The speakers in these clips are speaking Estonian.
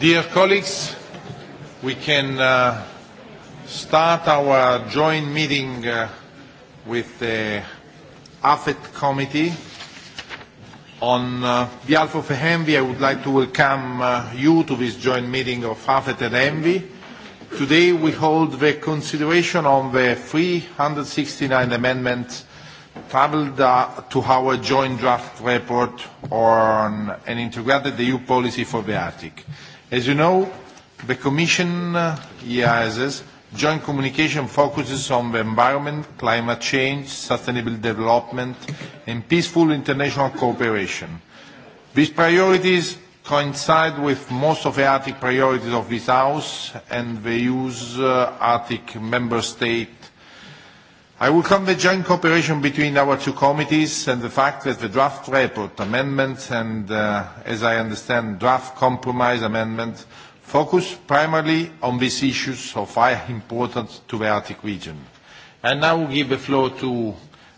Dear colleagues, we can uh, start our joint meeting uh, with the AFET committee. On uh, behalf of ENVI, I would like to welcome uh, you to this joint meeting of AFET and ENVI. Today we hold the consideration on the 369 amendments tabled the two-hour joint draft report on an integrated EU policy for the Arctic. As you know, the Commission, uh, EIS's, joint communication focuses on the environment, climate change, sustainable development, and peaceful international cooperation. These priorities coincide with most of the Arctic priorities of this House and the EU's uh, Arctic member state I welcome the joint cooperation between our two committees and the fact that the draft report amendment and, uh, as I understand, draft compromise amendment focus primarily on these issues of high importance to the Arctic region. I now give the floor to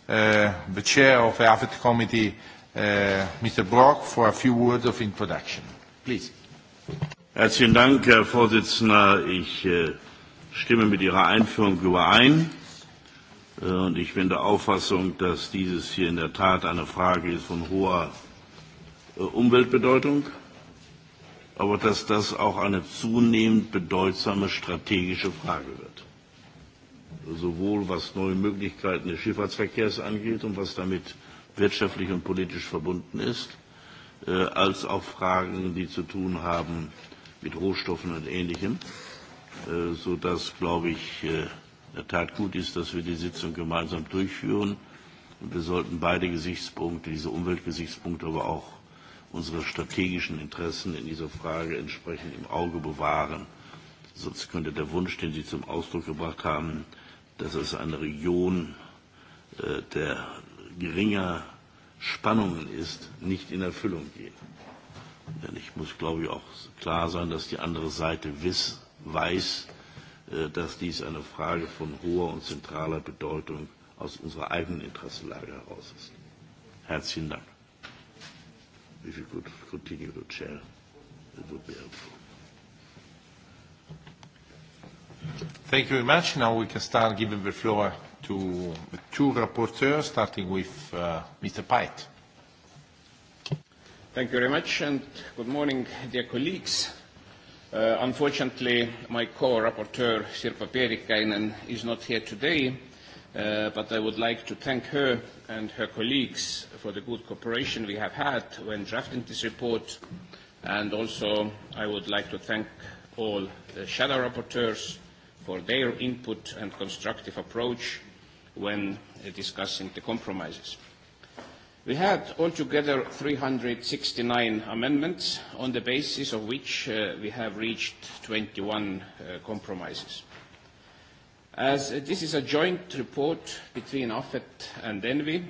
uh, the chair of the AFET committee, uh, Mr. Brock, for a few words of introduction. Please. Herzlichen Dank, Herr Vorsitzender. Ich äh, stimme mit Ihrer Einführung überein. Äh, und ich bin der Auffassung, dass dieses hier in der Tat eine Frage ist von hoher äh, Umweltbedeutung, aber dass das auch eine zunehmend bedeutsame strategische Frage wird. Sowohl was neue Möglichkeiten des Schifffahrtsverkehrs angeht und was damit wirtschaftlich und politisch verbunden ist, äh, als auch Fragen, die zu tun haben mit Rohstoffen und Ähnlichem, sodass, glaube ich, in der Tat gut ist, dass wir die Sitzung gemeinsam durchführen. Und wir sollten beide Gesichtspunkte, diese Umweltgesichtspunkte, aber auch unsere strategischen Interessen in dieser Frage entsprechend im Auge bewahren. Sonst könnte der Wunsch, den Sie zum Ausdruck gebracht haben, dass es eine Region äh, der geringer Spannungen ist, nicht in Erfüllung gehen. Denn ich muss, glaube ich, auch klar sein, dass die andere Seite wiss, weiß, Äh, dass dies eine Frage von hoher und zentraler Bedeutung aus unserer eigenen Interessenlage heraus ist. Herzlichen Dank. If you could continue to chair, it would be helpful. Thank you very much. Now we can start giving the floor to the two rapporteurs, starting with uh, Mr. Peit. Thank you very much, and good morning, dear colleagues. Uh, unfortunately, my co-rapporteur, Sirpa Pietikäinen, is not here today, uh, but I would like to thank her and her colleagues for the good cooperation we have had when drafting this report, and also I would like to thank all the shadow rapporteurs for their input and constructive approach when uh, discussing the compromises. We had altogether 369 amendments, on the basis of which uh, we have reached 21 uh, compromises. As uh, this is a joint report between AFET and ENVI,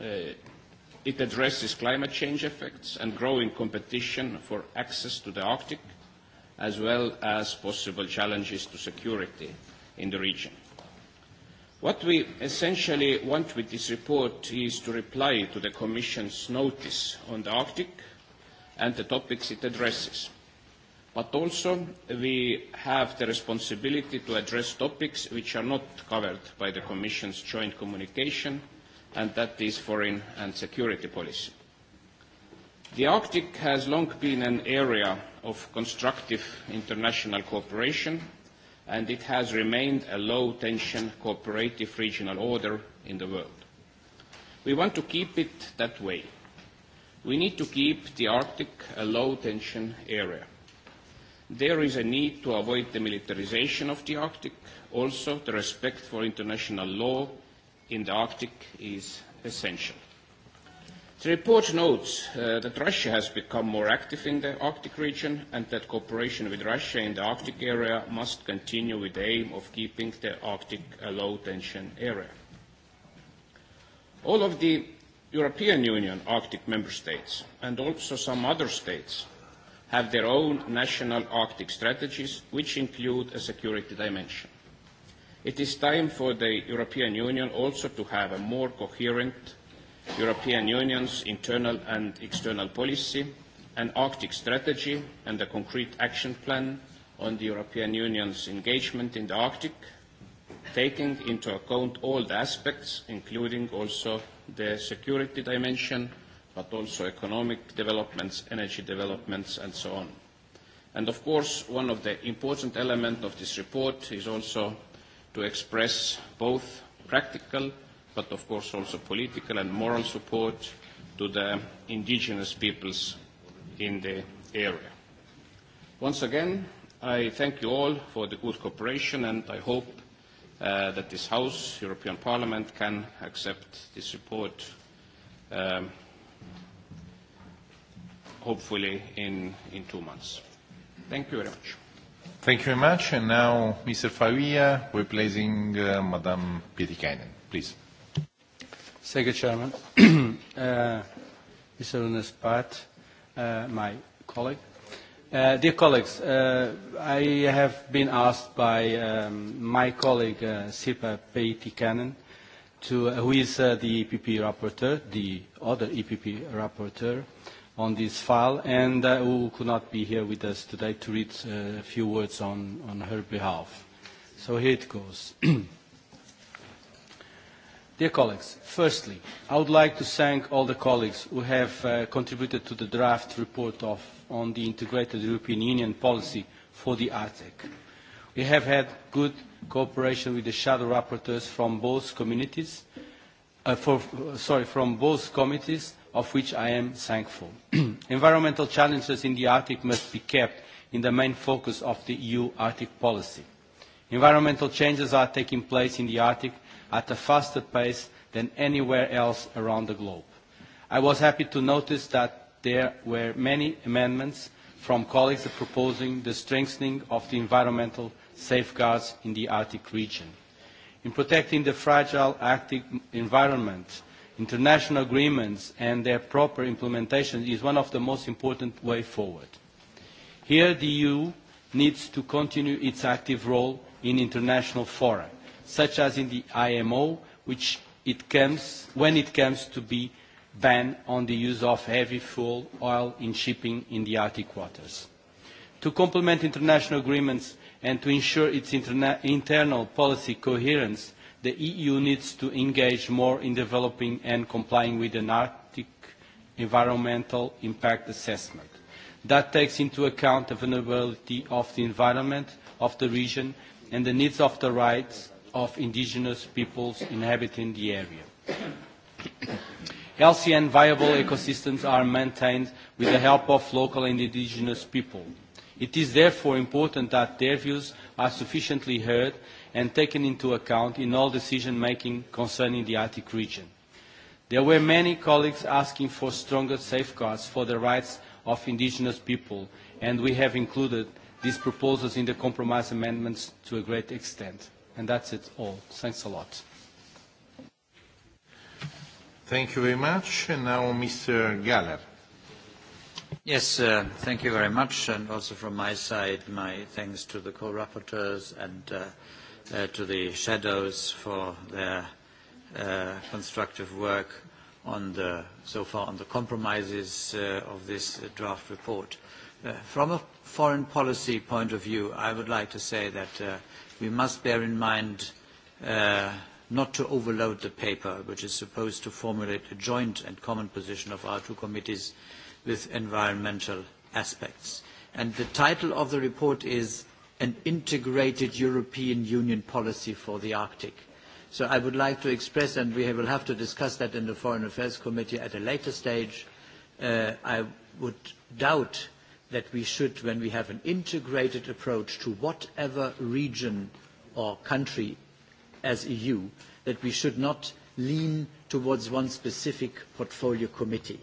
uh, it addresses climate change effects and growing competition for access to the Arctic, as well as possible challenges to security in the region. What we essentially want with this report is to reply to the Commission's notice on the Arctic and the topics it addresses. But also, we have the responsibility to address topics which are not covered by the Commission's joint communication, and that is foreign and security policy. The Arctic has long been an area of constructive international cooperation and it has remained a low-tension cooperative regional order in the world. We want to keep it that way. We need to keep the Arctic a low-tension area. There is a need to avoid the militarization of the Arctic. Also, the respect for international law in the Arctic is essential. The report notes uh, that Russia has become more active in the Arctic region and that cooperation with Russia in the Arctic area must continue with the aim of keeping the Arctic a low-tension area. All of the European Union Arctic member states and also some other states have their own national Arctic strategies, which include a security dimension. It is time for the European Union also to have a more coherent European Union's internal and external policy, an Arctic strategy and a concrete action plan on the European Union's engagement in the Arctic, taking into account all the aspects, including also the security dimension, but also economic developments, energy developments, and so on. And of course, one of the important elements of this report is also to express both practical but of course also political and moral support to the indigenous peoples in the area. Once again, I thank you all for the good cooperation and I hope uh, that this House, European Parliament, can accept this report um, hopefully in, in two months. Thank you very much. Thank you very much. And now, Mr. Favia, replacing uh, Madame Pietikainen, please. Thank you, Chairman. uh, Mr. Unespat, uh, my colleague. Uh, dear colleagues, uh, I have been asked by um, my colleague uh, Sipa Peitikanen, to, uh, who is uh, the EPP rapporteur, the other EPP rapporteur on this file, and uh, who could not be here with us today to read uh, a few words on, on her behalf. So here it goes. Dear colleagues, firstly, I would like to thank all the colleagues who have uh, contributed to the draft report of, on the integrated European Union policy for the Arctic. We have had good cooperation with the shadow rapporteurs from both communities, uh, for, sorry, from both committees, of which I am thankful. Environmental challenges in the Arctic must be kept in the main focus of the EU Arctic policy. Environmental changes are taking place in the Arctic at a faster pace than anywhere else around the globe. I was happy to notice that there were many amendments from colleagues proposing the strengthening of the environmental safeguards in the Arctic region. In protecting the fragile Arctic environment, international agreements and their proper implementation is one of the most important way forward. Here the EU needs to continue its active role in international fora such as in the IMO, which it comes, when it comes to be ban on the use of heavy fuel oil in shipping in the Arctic waters. To complement international agreements and to ensure its interna internal policy coherence, the EU needs to engage more in developing and complying with an Arctic environmental impact assessment. That takes into account the vulnerability of the environment of the region and the needs of the rights of indigenous peoples inhabiting the area. Healthy and viable ecosystems are maintained with the help of local and indigenous people. It is therefore important that their views are sufficiently heard and taken into account in all decision-making concerning the Arctic region. There were many colleagues asking for stronger safeguards for the rights of indigenous people, and we have included these proposals in the compromise amendments to a great extent. And that's it all. Thanks a lot. Thank you very much. And now Mr. Galler. Yes, uh, thank you very much. And also from my side, my thanks to the co-rapporteurs and uh, uh, to the shadows for their uh, constructive work on the, so far on the compromises uh, of this uh, draft report. Uh, from a foreign policy point of view, I would like to say that uh, we must bear in mind uh, not to overload the paper, which is supposed to formulate a joint and common position of our two committees with environmental aspects. And the title of the report is An Integrated European Union Policy for the Arctic. So I would like to express, and we will have to discuss that in the Foreign Affairs Committee at a later stage, uh, I would doubt that we should, when we have an integrated approach to whatever region or country as EU, that we should not lean towards one specific portfolio committee.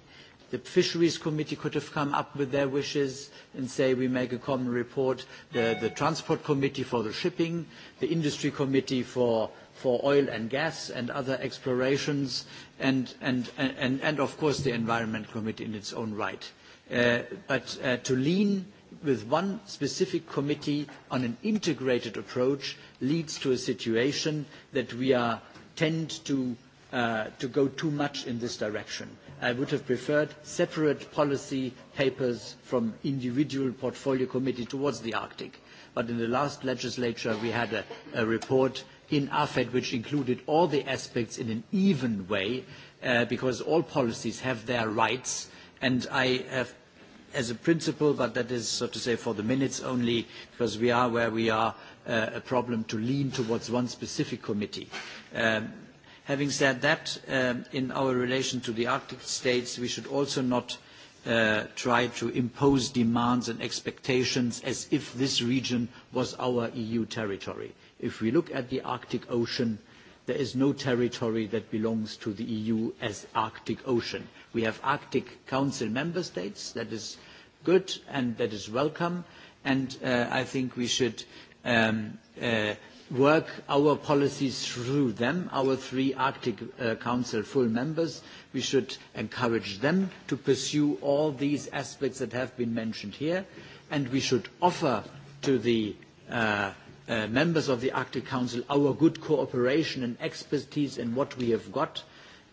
The Fisheries Committee could have come up with their wishes and say we make a common report, the, the Transport Committee for the shipping, the Industry Committee for, for oil and gas and other explorations, and, and, and, and, and of course the Environment Committee in its own right. Uh, but uh, to lean with one specific committee on an integrated approach leads to a situation that we are tend to, uh, to go too much in this direction. I would have preferred separate policy papers from individual portfolio committee towards the Arctic. But in the last legislature, we had a, a report in AFED which included all the aspects in an even way, uh, because all policies have their rights, And I have as a principle, but that is, so to say, for the minutes only, because we are where we are, uh, a problem to lean towards one specific committee. Um, having said that, um, in our relation to the Arctic states, we should also not uh, try to impose demands and expectations as if this region was our EU territory. If we look at the Arctic Ocean, there is no territory that belongs to the EU as Arctic Ocean We have Arctic Council member states. That is good and that is welcome. And uh, I think we should um, uh, work our policies through them, our three Arctic uh, Council full members. We should encourage them to pursue all these aspects that have been mentioned here, and we should offer to the uh, uh, members of the Arctic Council our good cooperation and expertise in what we have got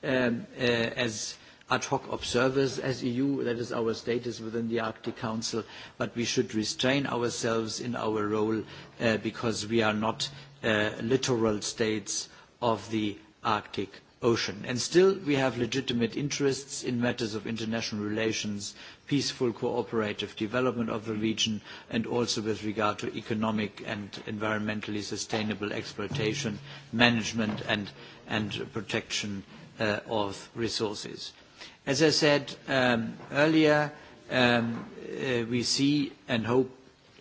um, uh, as ad hoc observers as EU. That is our status within the Arctic Council. But we should restrain ourselves in our role uh, because we are not uh, littoral states of the Arctic Ocean. And still, we have legitimate interests in matters of international relations, peaceful cooperative development of the region, and also with regard to economic and environmentally sustainable exploitation, management, and, and protection uh, of resources. As I said um, earlier, um, uh, we see and hope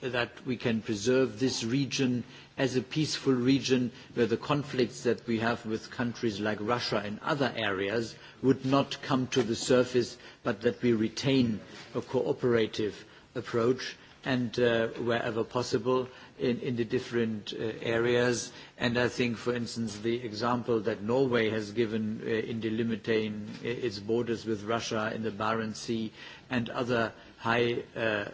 that we can preserve this region as a peaceful region where the conflicts that we have with countries like Russia and other areas would not come to the surface, but that we retain a cooperative approach and uh, wherever possible in, in the different uh, areas. And I think, for instance, the example that Norway has given uh, in delimiting uh, its borders with Russia in the Barents Sea and other high uh, uh,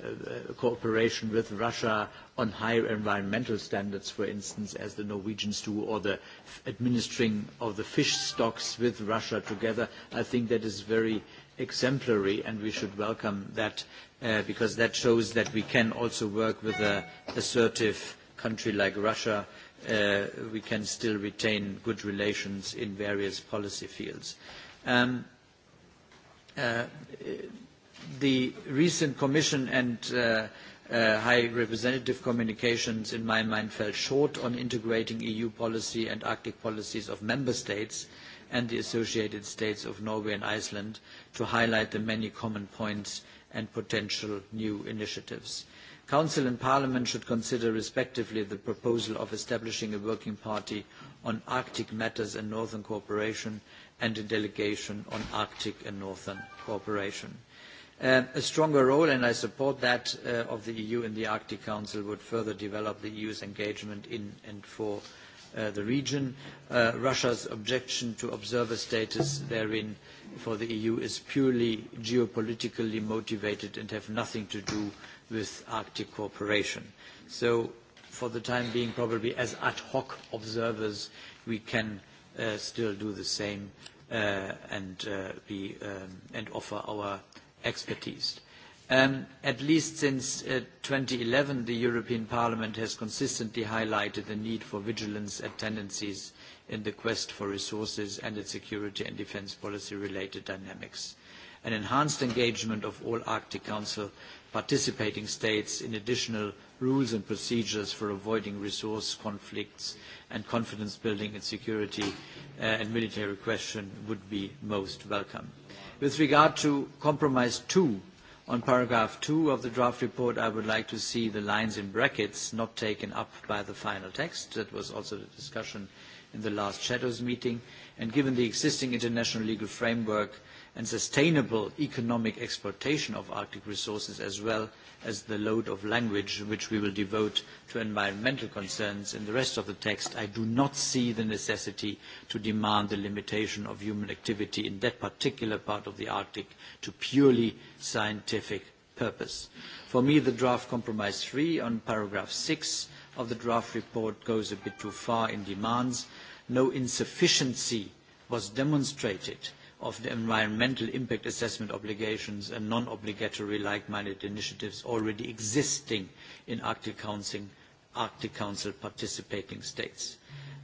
cooperation with Russia on higher environmental standards, for instance, as the Norwegians do, or the administering of the fish stocks with Russia together. I think that is very uh, exemplary, and we should welcome that uh, because that shows that we can also work with an assertive country like Russia. Uh, we can still retain good relations in various policy fields. Um, uh, the recent Commission and uh, uh, High Representative communications, in my mind, fell short on integrating EU policy and Arctic policies of member states uh, and the associated states of Norway and Iceland to highlight the many common points and potential new initiatives. Council and Parliament should consider respectively the proposal of establishing a working party on Arctic matters and northern cooperation and a delegation on Arctic and northern cooperation. Uh, a stronger role, and I support that, uh, of the EU in the Arctic Council would further develop the EU's engagement in and for uh, the region. Uh, Russia's objection to observer status therein for the EU is purely geopolitically motivated and have nothing to do with Arctic cooperation. So for the time being, probably as ad hoc observers, we can uh, still do the same uh, and, uh, be, um, and offer our expertise. Uh, Um, at least since uh, 2011, the European Parliament has consistently highlighted the need for vigilance at tendencies in the quest for resources and its security and defence policy-related dynamics. An enhanced engagement of all Arctic Council participating states in additional rules and procedures for avoiding resource conflicts and confidence building in security uh, and military question would be most welcome. With regard to Compromise 2, On paragraph 2 of the draft report, I would like to see the lines in brackets not taken up by the final text. That was also the discussion in the last Shadows meeting. And given the existing international legal framework and sustainable economic exploitation of Arctic resources as well, as the load of language which we will devote to environmental concerns in the rest of the text, I do not see the necessity to demand the limitation of human activity in that particular part of the Arctic to purely scientific purpose. For me, the draft compromise 3 on paragraph 6 of the draft report goes a bit too far in demands. No insufficiency was demonstrated of the environmental impact assessment obligations and non-obligatory like-minded initiatives already existing in Arctic Council, Arctic Council participating states.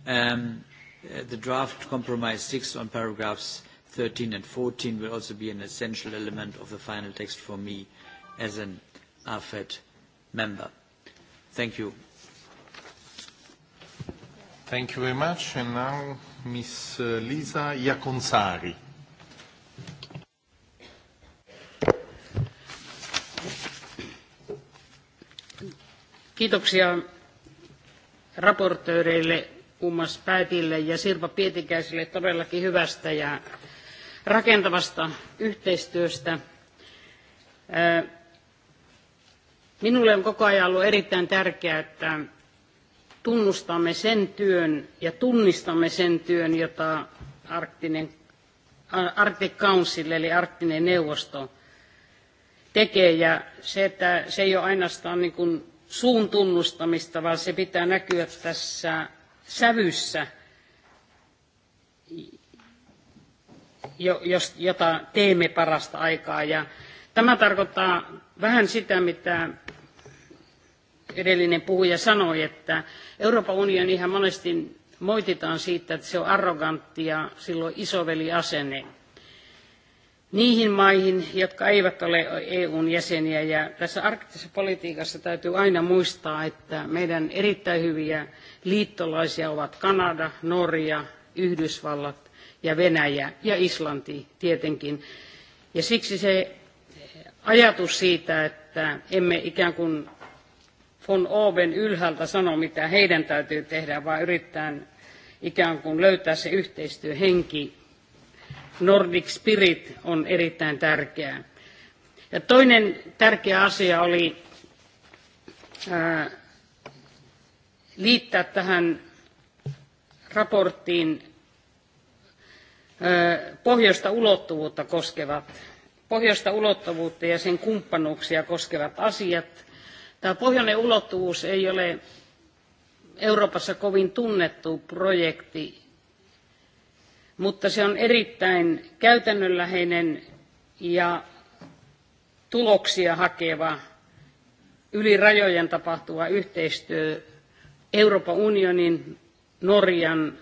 Um, uh, the draft compromise 6 on paragraphs 13 and 14 will also be an essential element of the final text for me as an AFED member. Thank you. Thank you very much. And now Ms. Uh, Lisa Iaconsari. Kiitoksia raportööreille Ummas Päätille ja Sirpa Pietikäiselle todellakin hyvästä ja rakentavasta yhteistyöstä. Minulle on koko ajan ollut erittäin tärkeää, että tunnustamme sen työn ja tunnistamme sen työn, jota Arktinen, Arctic Council eli Arktinen neuvosto tekee. Ja se, että se ei ole ainoastaan niin kuin suun tunnustamista, vaan se pitää näkyä tässä sävyssä, jota teemme parasta aikaa. Ja tämä tarkoittaa vähän sitä, mitä edellinen puhuja sanoi, että Euroopan unioni ihan monesti moititaan siitä, että se on arrogantti ja silloin isoveliasenne niihin maihin, jotka eivät ole EUn jäseniä. Ja tässä arktisessa politiikassa täytyy aina muistaa, että meidän erittäin hyviä liittolaisia ovat Kanada, Norja, Yhdysvallat ja Venäjä ja Islanti tietenkin. Ja siksi se ajatus siitä, että emme ikään kuin von Oben ylhäältä sano, mitä heidän täytyy tehdä, vaan yritetään ikään kuin löytää se yhteistyöhenki Nordic Spirit on erittäin tärkeää. Ja toinen tärkeä asia oli ää, äh, liittää tähän raporttiin ää, äh, pohjoista ulottuvuutta koskevat, pohjoista ulottuvuutta ja sen kumppanuuksia koskevat asiat. Tämä pohjoinen ulottuvuus ei ole Euroopassa kovin tunnettu projekti mutta se on erittäin käytännönläheinen ja tuloksia hakeva yli rajojen tapahtuva yhteistyö Euroopan unionin, Norjan,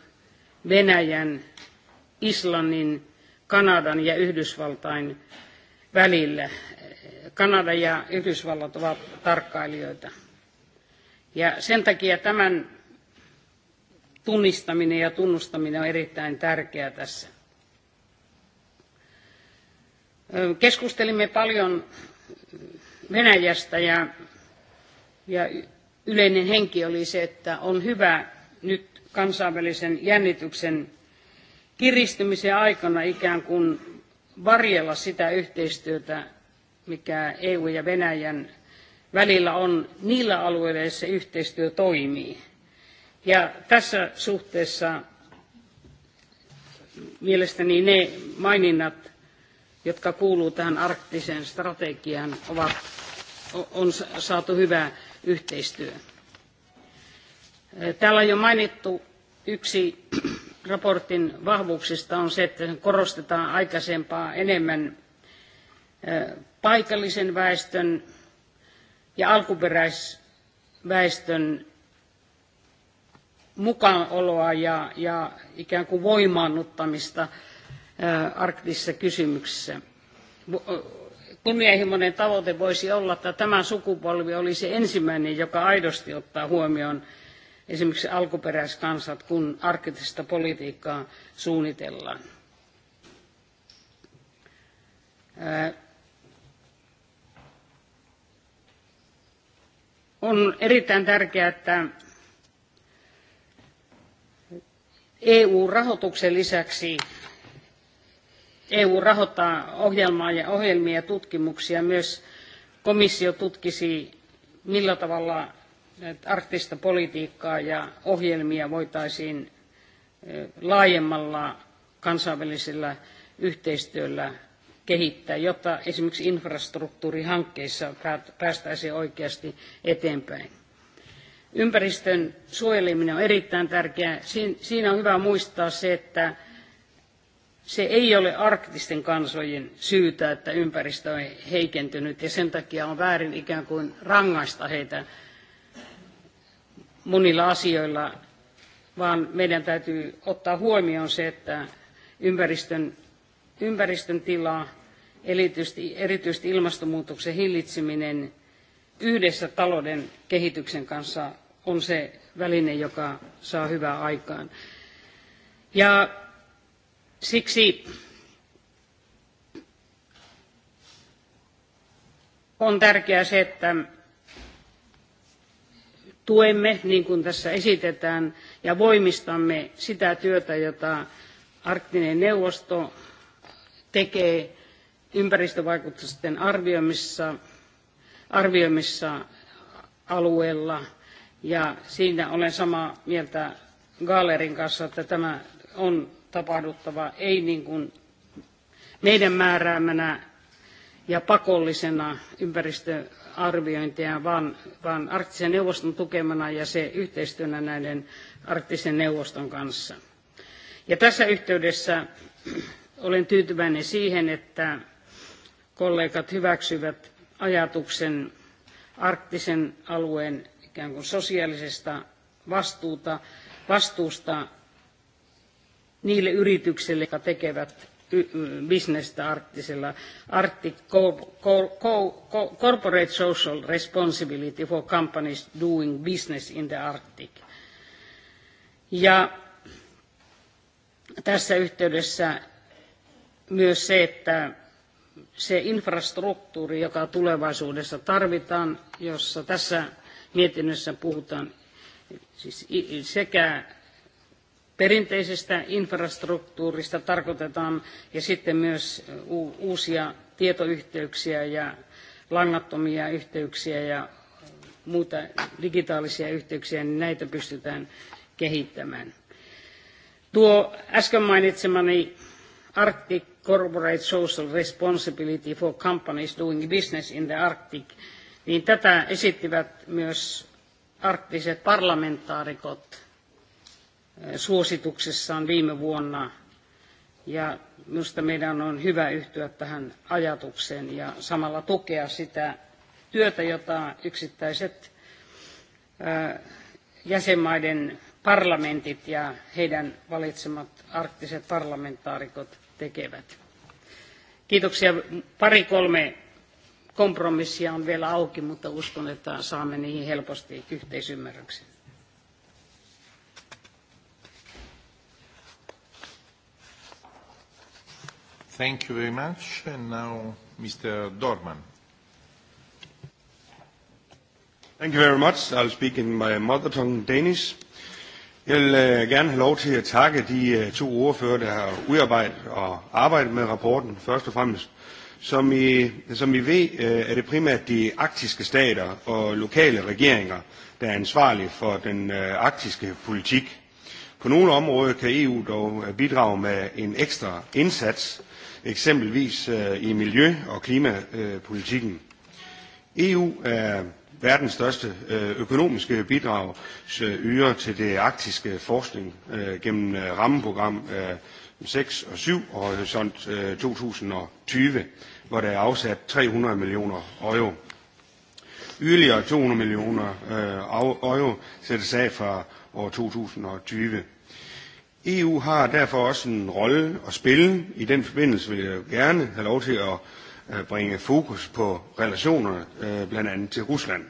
Venäjän, Islannin, Kanadan ja Yhdysvaltain välillä. Kanada ja Yhdysvallat ovat tarkkailijoita. Ja sen takia tämän tunnistaminen ja tunnustaminen on erittäin tärkeää tässä. Keskustelimme paljon Venäjästä ja, ja yleinen henki oli se, että on hyvä nyt kansainvälisen jännityksen kiristymisen aikana ikään kuin varjella sitä yhteistyötä, mikä EU ja Venäjän välillä on niillä alueilla, joissa yhteistyö toimii. Ja tässä suhteessa mielestäni ne maininnat, jotka kuuluu tähän arktiseen strategiaan, ovat, on saatu hyvää yhteistyö. Täällä on jo mainittu yksi raportin vahvuuksista on se, että korostetaan aikaisempaa enemmän paikallisen väestön ja alkuperäisväestön mukaanoloa ja, ja ikään kuin voimaannuttamista äh, arktisissa kysymyksissä. Kunnianhimoinen tavoite voisi olla, että tämä sukupolvi olisi ensimmäinen, joka aidosti ottaa huomioon esimerkiksi alkuperäiskansat, kun arktista politiikkaa suunnitellaan. Äh, on erittäin tärkeää, että EU-rahoituksen lisäksi EU rahoittaa ohjelmaa ja ohjelmia ja tutkimuksia. Myös komissio tutkisi, millä tavalla arktista politiikkaa ja ohjelmia voitaisiin laajemmalla kansainvälisellä yhteistyöllä kehittää, jotta esimerkiksi infrastruktuurihankkeissa päästäisiin oikeasti eteenpäin ympäristön suojeleminen on erittäin tärkeää. Siinä on hyvä muistaa se, että se ei ole arktisten kansojen syytä, että ympäristö on heikentynyt ja sen takia on väärin ikään kuin rangaista heitä monilla asioilla, vaan meidän täytyy ottaa huomioon se, että ympäristön, ympäristön tila, erityisesti, erityisesti ilmastonmuutoksen hillitseminen yhdessä talouden kehityksen kanssa on se väline, joka saa hyvää aikaan. Ja siksi on tärkeää se, että tuemme, niin kuin tässä esitetään, ja voimistamme sitä työtä, jota Arktinen neuvosto tekee ympäristövaikutusten arvioimissa, arvioimissa alueella – Ja siinä olen samaa mieltä Gaalerin kanssa, että tämä on tapahduttava ei niin kuin meidän määräämänä ja pakollisena ympäristöarviointia, vaan, vaan arktisen neuvoston tukemana ja se yhteistyönä näiden arktisen neuvoston kanssa. Ja tässä yhteydessä olen tyytyväinen siihen, että kollegat hyväksyvät ajatuksen arktisen alueen ikään kuin sosiaalisesta vastuuta, vastuusta niille yrityksille, jotka tekevät bisnestä arktisella Arctic Corporate Social Responsibility for Companies Doing Business in the Arctic. Ja tässä yhteydessä myös se, että se infrastruktuuri, joka tulevaisuudessa tarvitaan, jossa tässä mietinnössä puhutaan siis sekä perinteisestä infrastruktuurista tarkoitetaan ja sitten myös uusia tietoyhteyksiä ja langattomia yhteyksiä ja muita digitaalisia yhteyksiä, niin näitä pystytään kehittämään. Tuo äsken mainitsemani Arctic Corporate Social Responsibility for Companies Doing Business in the Arctic – niin tätä esittivät myös arktiset parlamentaarikot eh, suosituksessaan viime vuonna. Ja minusta meidän on hyvä yhtyä tähän ajatukseen ja samalla tukea sitä työtä, jota yksittäiset eh, jäsenmaiden parlamentit ja heidän valitsemat arktiset parlamentaarikot tekevät. Kiitoksia. Pari kolme kompromissia on vielä auki, mutta uskon, että saamme niihin helposti yhteisymmärryksen. Thank you very much. And now Mr. Dorman. Thank you very much. I'll speak in my mother tongue, Danish. Jeg vil øh, gerne have lov til at takke de øh, to ordfører, der har udarbejdet og arbejdet med rapporten. Først og fremmest som I, som I ved, øh, er det primært de arktiske stater og lokale regeringer, der er ansvarlige for den øh, arktiske politik. På nogle områder kan EU dog øh, bidrage med en ekstra indsats, eksempelvis i miljø- og klimapolitikken. EU er verdens største økonomiske bidrag yder til det arktiske forskning gennem rammeprogram 6 og 7 og Horisont 2020, øh, hvor der er afsat 300 millioner euro. Yderligere 200 millioner øh, euro sættes af fra år 2020. EU har derfor også en rolle at spille. I den forbindelse vil jeg gerne have lov til at øh, bringe fokus på relationerne blandt andet til Rusland.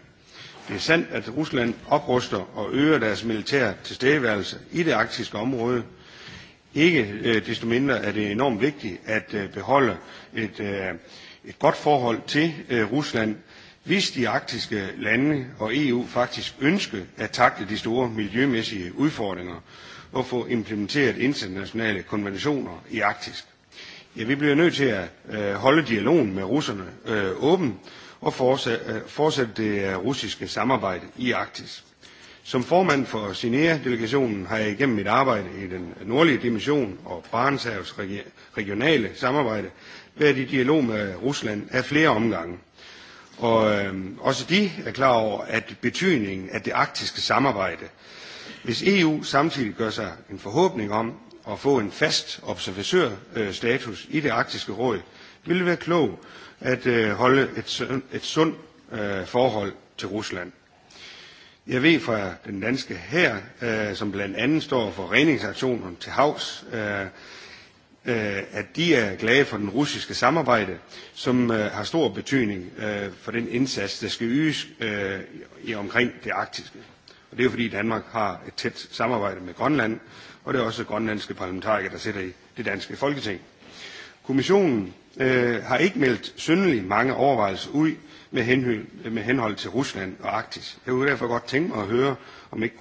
Det er sandt, at Rusland opruster og øger deres militære tilstedeværelse i det arktiske område, Ikke øh, desto mindre er det enormt vigtigt at øh, beholde et, øh, et godt forhold til øh, Rusland, hvis de arktiske lande og EU faktisk ønsker at takle de store miljømæssige udfordringer og få implementeret internationale konventioner i Arktis. Ja, vi bliver nødt til at øh, holde dialogen med russerne øh, åben og fortsætte, øh, fortsætte det øh, russiske samarbejde i Arktis. Som formand for Sinea-delegationen har jeg igennem mit arbejde i den nordlige dimension og Barentshavs regionale samarbejde været i dialog med Rusland af flere omgange. Og øh, også de er klar over, at betydningen af det arktiske samarbejde, hvis EU samtidig gør sig en forhåbning om at få en fast observatørstatus i det arktiske råd, ville være klog at øh, holde et, et sundt øh, forhold til Rusland. Jeg ved fra den danske her, øh, som blandt andet står for redningsaktionerne til havs, øh, øh, at de er glade for den russiske samarbejde, som øh, har stor betydning øh, for den indsats, der skal ydes øh, i omkring det arktiske. Og det er jo fordi Danmark har et tæt samarbejde med Grønland, og det er også grønlandske parlamentarikere, der sidder i det danske folketing. Kommissionen øh, har ikke meldt syndelig mange overvejelser ud med, henhold, med henhold til Rusland og Arktis. Jeg kunne derfor godt tænke mig at høre, om ikke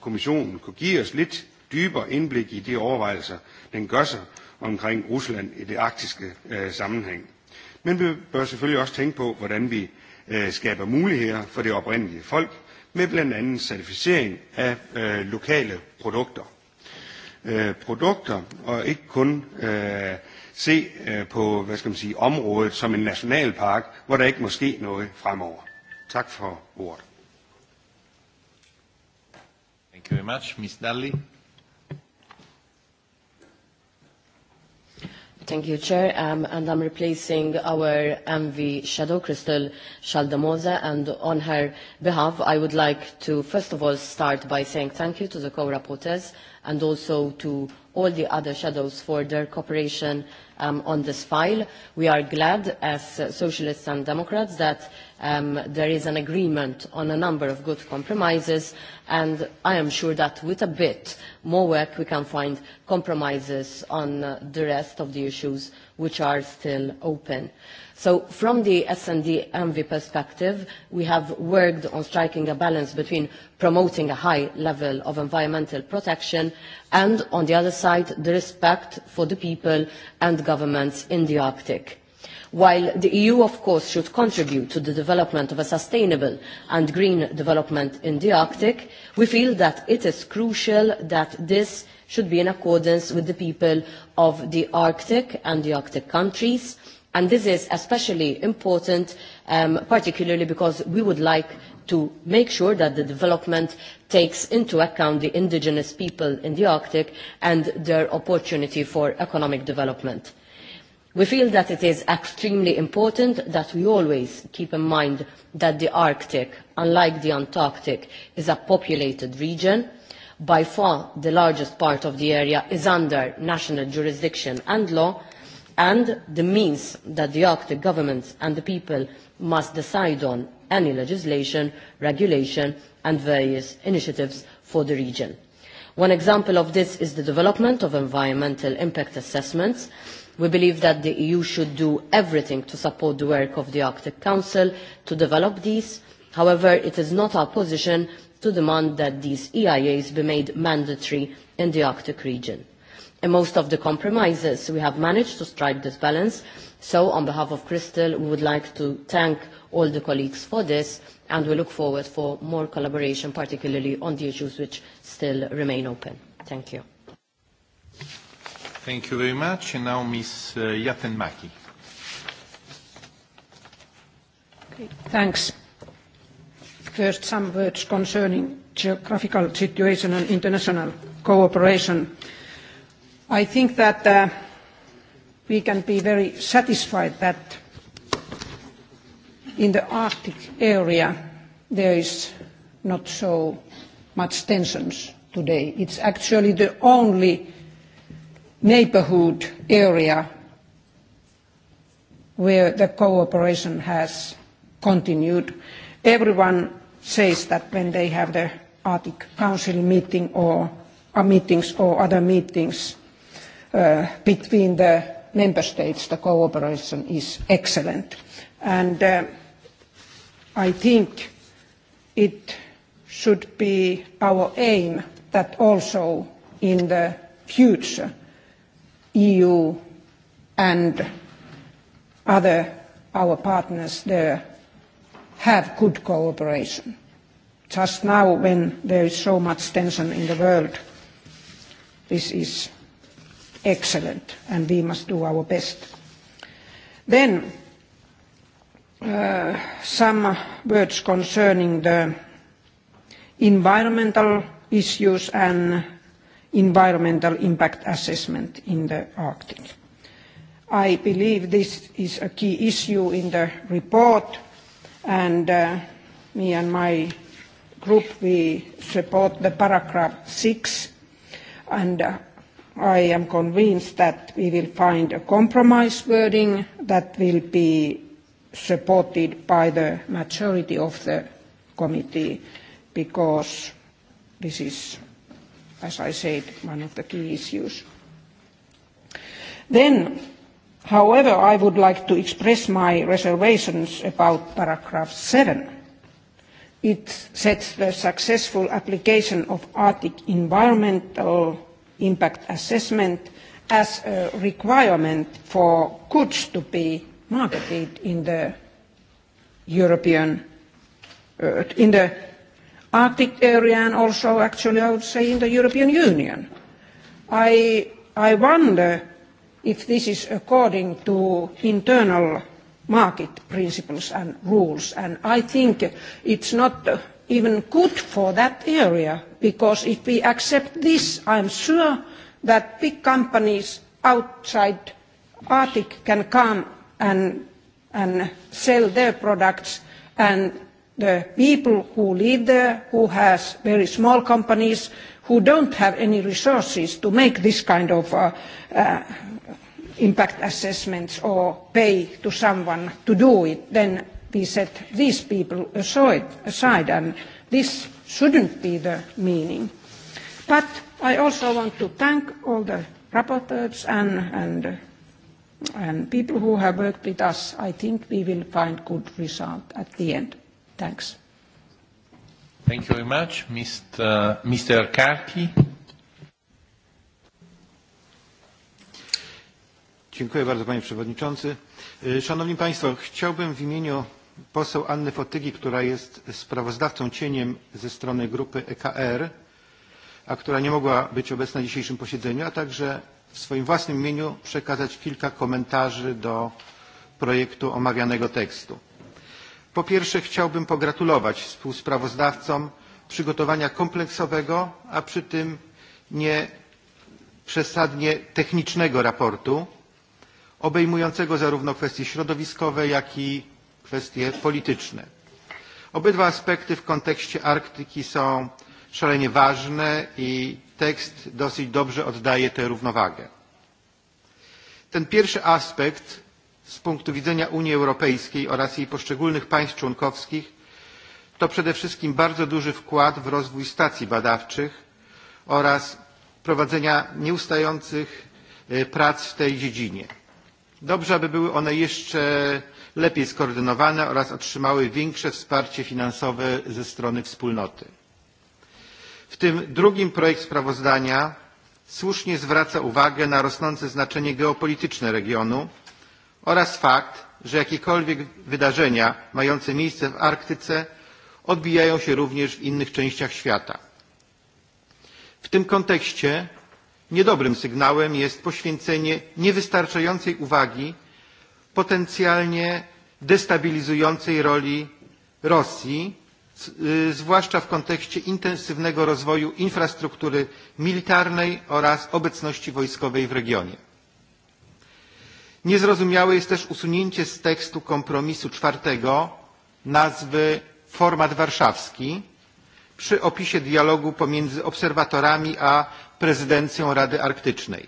kommissionen kunne give os lidt dybere indblik i de overvejelser, den gør sig omkring Rusland i det arktiske øh, sammenhæng. Men vi bør selvfølgelig også tænke på, hvordan vi øh, skaber muligheder for det oprindelige folk, med blandt andet certificering af øh, lokale produkter. Øh, produkter og ikke kun øh, se øh, på hvad skal man sige, området som en nationalpark, hvor der ikke må ske noget fremover. Tak for ordet. Thank you very much. Ms. Dalli. Thank you, Chair. Um, and I'm replacing our MV Shadow, Crystal Shaldamoza, and on her behalf, I would like to first of all start by saying thank you to the co-rapporteurs and also to all the other shadows for their cooperation um, on this file. We are glad as uh, Socialists and Democrats that um, there is an agreement on a number of good compromises, and I am sure that with a bit more work we can find compromises on uh, the rest of the issues which are still open. So from the S&D MV perspective, we have worked on striking a balance between promoting a high level of environmental protection and, on the other side, the respect for the people and governments in the Arctic. While the EU, of course, should contribute to the development of a sustainable and green development in the Arctic, we feel that it is crucial that this should be in accordance with the people of the Arctic and the Arctic countries. And this is especially important, um, particularly because we would like to make sure that the development takes into account the indigenous people in the Arctic and their opportunity for economic development. We feel that it is extremely important that we always keep in mind that the Arctic, unlike the Antarctic, is a populated region. By far, the largest part of the area is under national jurisdiction and law, and the means that the Arctic governments and the people must decide on any legislation, regulation, and various initiatives for the region. One example of this is the development of environmental impact assessments, We believe that the EU should do everything to support the work of the Arctic Council to develop these. However, it is not our position to demand that these EIAs be made mandatory in the Arctic region. In most of the compromises, we have managed to strike this balance, so on behalf of Crystal, we would like to thank all the colleagues for this, and we look forward for more collaboration, particularly on the issues which still remain open. Thank you. Thank you very much. And now Ms. Uh, Yatenmaki. Great. Thanks. First, some words concerning geographical situation and international cooperation. I think that uh, we can be very satisfied that in the Arctic area, there is not so much tensions today. It's actually the only neighborhood area where the cooperation has continued. Everyone says that when they have the Arctic Council meeting or uh, meetings or other meetings uh, between the member states, the cooperation is excellent. And uh, I think it should be our aim that also in the future EU and other our partners there have good cooperation. Just now, when there is so much tension in the world, this is excellent, and we must do our best. Then, uh, some words concerning the environmental issues and environmental impact assessment in the Arctic. I believe this is a key issue in the report, and uh, me and my group, we support the paragraph 6, and uh, I am convinced that we will find a compromise wording that will be supported by the majority of the committee, because this is as I said, one of the key issues. Then, however, I would like to express my reservations about paragraph 7. It sets the successful application of Arctic environmental impact assessment as a requirement for goods to be marketed in the European, uh, in the Arctic area and also actually I would say in the European Union. I, I wonder if this is according to internal market principles and rules and I think it's not even good for that area because if we accept this I'm sure that big companies outside Arctic can come and, and sell their products and the people who live there, who has very small companies, who don't have any resources to make this kind of uh, uh, impact assessments or pay to someone to do it, then we set these people aside, aside and this shouldn't be the meaning. But I also want to thank all the rapporteurs and, and, and people who have worked with us. I think we will find good result at the end. Thanks. Thank you very much. Mr. Mr. Karki. Dziękuję bardzo panie przewodniczący. Szanowni państwo, chciałbym w imieniu poseł Anny Fotygi, która jest sprawozdawcą cieniem ze strony grupy EKR, a która nie mogła być obecna na dzisiejszym posiedzeniu, a także w swoim własnym imieniu przekazać kilka komentarzy do projektu omawianego tekstu. Po pierwsze chciałbym pogratulować współsprawozdawcom przygotowania kompleksowego, a przy tym nie przesadnie technicznego raportu obejmującego zarówno kwestie środowiskowe, jak i kwestie polityczne. Obydwa aspekty w kontekście Arktyki są szalenie ważne i tekst dosyć dobrze oddaje tę równowagę. Ten pierwszy aspekt z punktu widzenia Unii Europejskiej oraz jej poszczególnych państw członkowskich to przede wszystkim bardzo duży wkład w rozwój stacji badawczych oraz prowadzenia nieustających e, prac w tej dziedzinie. Dobrze, aby były one jeszcze lepiej skoordynowane oraz otrzymały większe wsparcie finansowe ze strony wspólnoty. W tym drugim projekt sprawozdania słusznie zwraca uwagę na rosnące znaczenie geopolityczne regionu oraz fakt, że jakiekolwiek wydarzenia mające miejsce w Arktyce odbijają się również w innych częściach świata. W tym kontekście niedobrym sygnałem jest poświęcenie niewystarczającej uwagi potencjalnie destabilizującej roli Rosji, zwłaszcza w kontekście intensywnego rozwoju infrastruktury militarnej oraz obecności wojskowej w regionie. Niezrozumiałe jest też usunięcie z tekstu kompromisu czwartego nazwy format warszawski przy opisie dialogu pomiędzy obserwatorami a prezydencją Rady Arktycznej.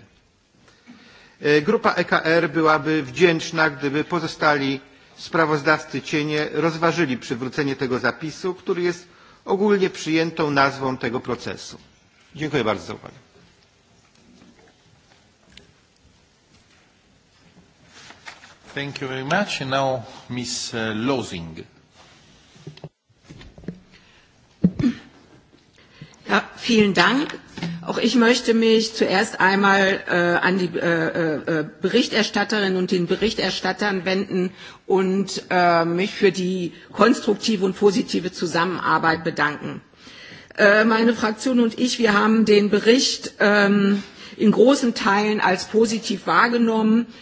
E, grupa EKR byłaby wdzięczna, gdyby pozostali sprawozdawcy cienie rozważyli przywrócenie tego zapisu, który jest ogólnie przyjętą nazwą tego procesu. Dziękuję bardzo za uwagę. Thank you very much. And now Ms. Uh, Losing. Ja, vielen Dank. Auch ich möchte mich zuerst einmal äh, an die äh, äh, äh, Berichterstatterin und den Berichterstattern wenden und äh, mich für die konstruktive und positive Zusammenarbeit bedanken. Äh, meine Fraktion und ich, wir haben den Bericht ähm, in großen Teilen als positiv wahrgenommen. Äh,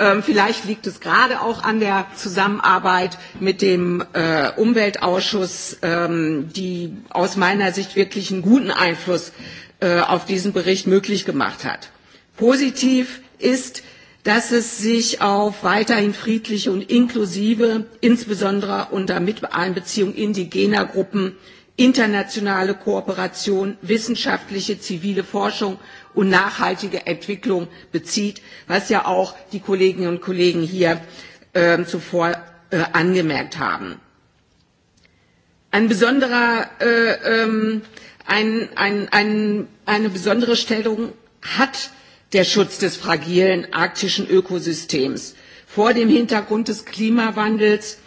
Ähm, vielleicht liegt es gerade auch an der Zusammenarbeit mit dem äh, Umweltausschuss, ähm, die aus meiner Sicht wirklich einen guten Einfluss äh, auf diesen Bericht möglich gemacht hat. Positiv ist, dass es sich auf weiterhin friedliche und inklusive, insbesondere unter Miteinbeziehung indigener Gruppen, internationale Kooperation, wissenschaftliche, zivile Forschung und nachhaltige Entwicklung bezieht, was ja auch die Kolleginnen und Kollegen hier äh, zuvor äh, angemerkt haben. Ein besonderer, äh, ähm, ein, ein, ein, eine besondere Stellung hat der Schutz des fragilen arktischen Ökosystems vor dem Hintergrund des Klimawandels.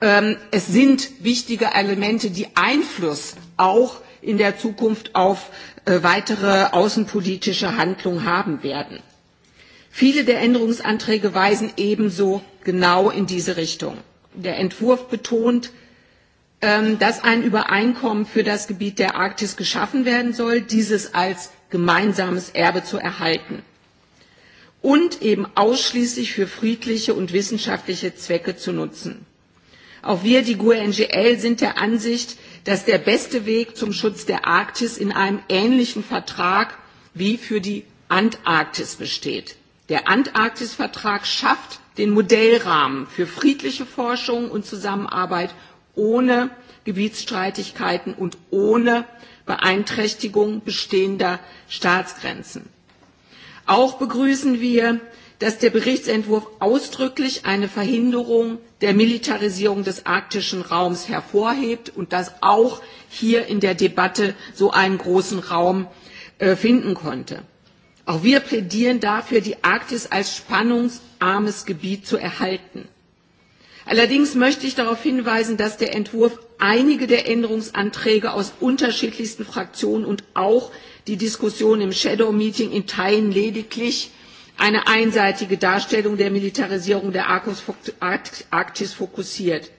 Ähm, es sind wichtige Elemente, die Einfluss auch in der Zukunft auf äh, weitere außenpolitische Handlung haben werden. Viele der Änderungsanträge weisen ebenso genau in diese Richtung. Der Entwurf betont, ähm, dass ein Übereinkommen für das Gebiet der Arktis geschaffen werden soll, dieses als gemeinsames Erbe zu erhalten und eben ausschließlich für friedliche und wissenschaftliche Zwecke zu nutzen. Auch wir, die GUE-NGL, sind der Ansicht, dass der beste Weg zum Schutz der Arktis in einem ähnlichen Vertrag wie für die Antarktis besteht. Der Antarktis-Vertrag schafft den Modellrahmen für friedliche Forschung und Zusammenarbeit ohne Gebietsstreitigkeiten und ohne Beeinträchtigung bestehender Staatsgrenzen. Auch begrüßen wir dass der Berichtsentwurf ausdrücklich eine Verhinderung der Militarisierung des arktischen Raums hervorhebt und dass auch hier in der Debatte so einen großen Raum äh, finden konnte. Auch wir plädieren dafür, die Arktis als spannungsarmes Gebiet zu erhalten. Allerdings möchte ich darauf hinweisen, dass der Entwurf einige der Änderungsanträge aus unterschiedlichsten Fraktionen und auch die Diskussion im Shadow Meeting in Teilen lediglich eine einseitige Darstellung der Militarisierung der Arktis fokussiert.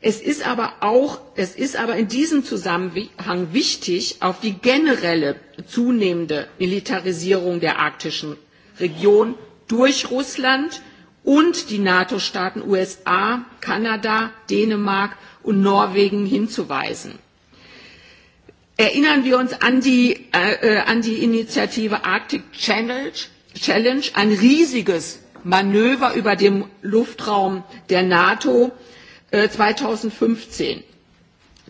Es ist aber auch, es ist aber in diesem Zusammenhang wichtig, auf die generelle zunehmende Militarisierung der arktischen Region durch Russland und die NATO-Staaten USA, Kanada, Dänemark und Norwegen hinzuweisen. Erinnern wir uns an die, äh, äh an die Initiative Arctic Challenge, Challenge, ein riesiges Manöver über dem Luftraum der NATO äh, 2015.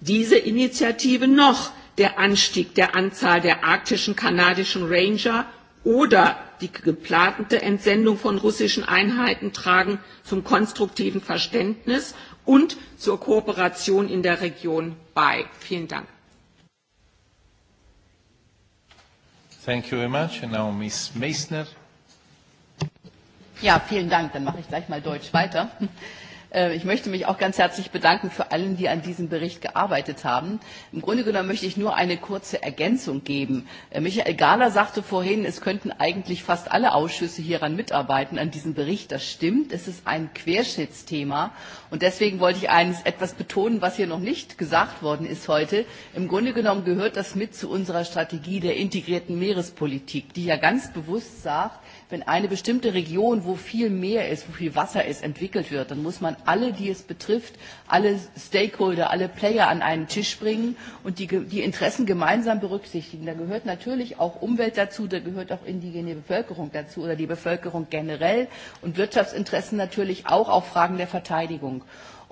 Diese Initiative noch der Anstieg der Anzahl der arktischen kanadischen Ranger oder die geplante Entsendung von russischen Einheiten tragen zum konstruktiven Verständnis und zur Kooperation in der Region bei. Vielen Dank. Thank you very much. And now Ms. Meissner. Ja, vielen Dank. Dann mache ich gleich mal Deutsch weiter. Äh, ich möchte mich auch ganz herzlich bedanken für allen, die an diesem Bericht gearbeitet haben. Im Grunde genommen möchte ich nur eine kurze Ergänzung geben. Äh, Michael Gahler sagte vorhin, es könnten eigentlich fast alle Ausschüsse hieran mitarbeiten, an diesem Bericht. Das stimmt. Es ist ein Querschnittsthema. Und deswegen wollte ich eines etwas betonen, was hier noch nicht gesagt worden ist heute. Im Grunde genommen gehört das mit zu unserer Strategie der integrierten Meerespolitik, die ja ganz bewusst sagt, wenn eine bestimmte Region, wo viel Meer ist, wo viel Wasser ist, entwickelt wird, dann muss man alle, die es betrifft, alle Stakeholder, alle Player an einen Tisch bringen und die, die Interessen gemeinsam berücksichtigen. Da gehört natürlich auch Umwelt dazu, da gehört auch indigene Bevölkerung dazu oder die Bevölkerung generell und Wirtschaftsinteressen natürlich auch, auch Fragen der Verteidigung.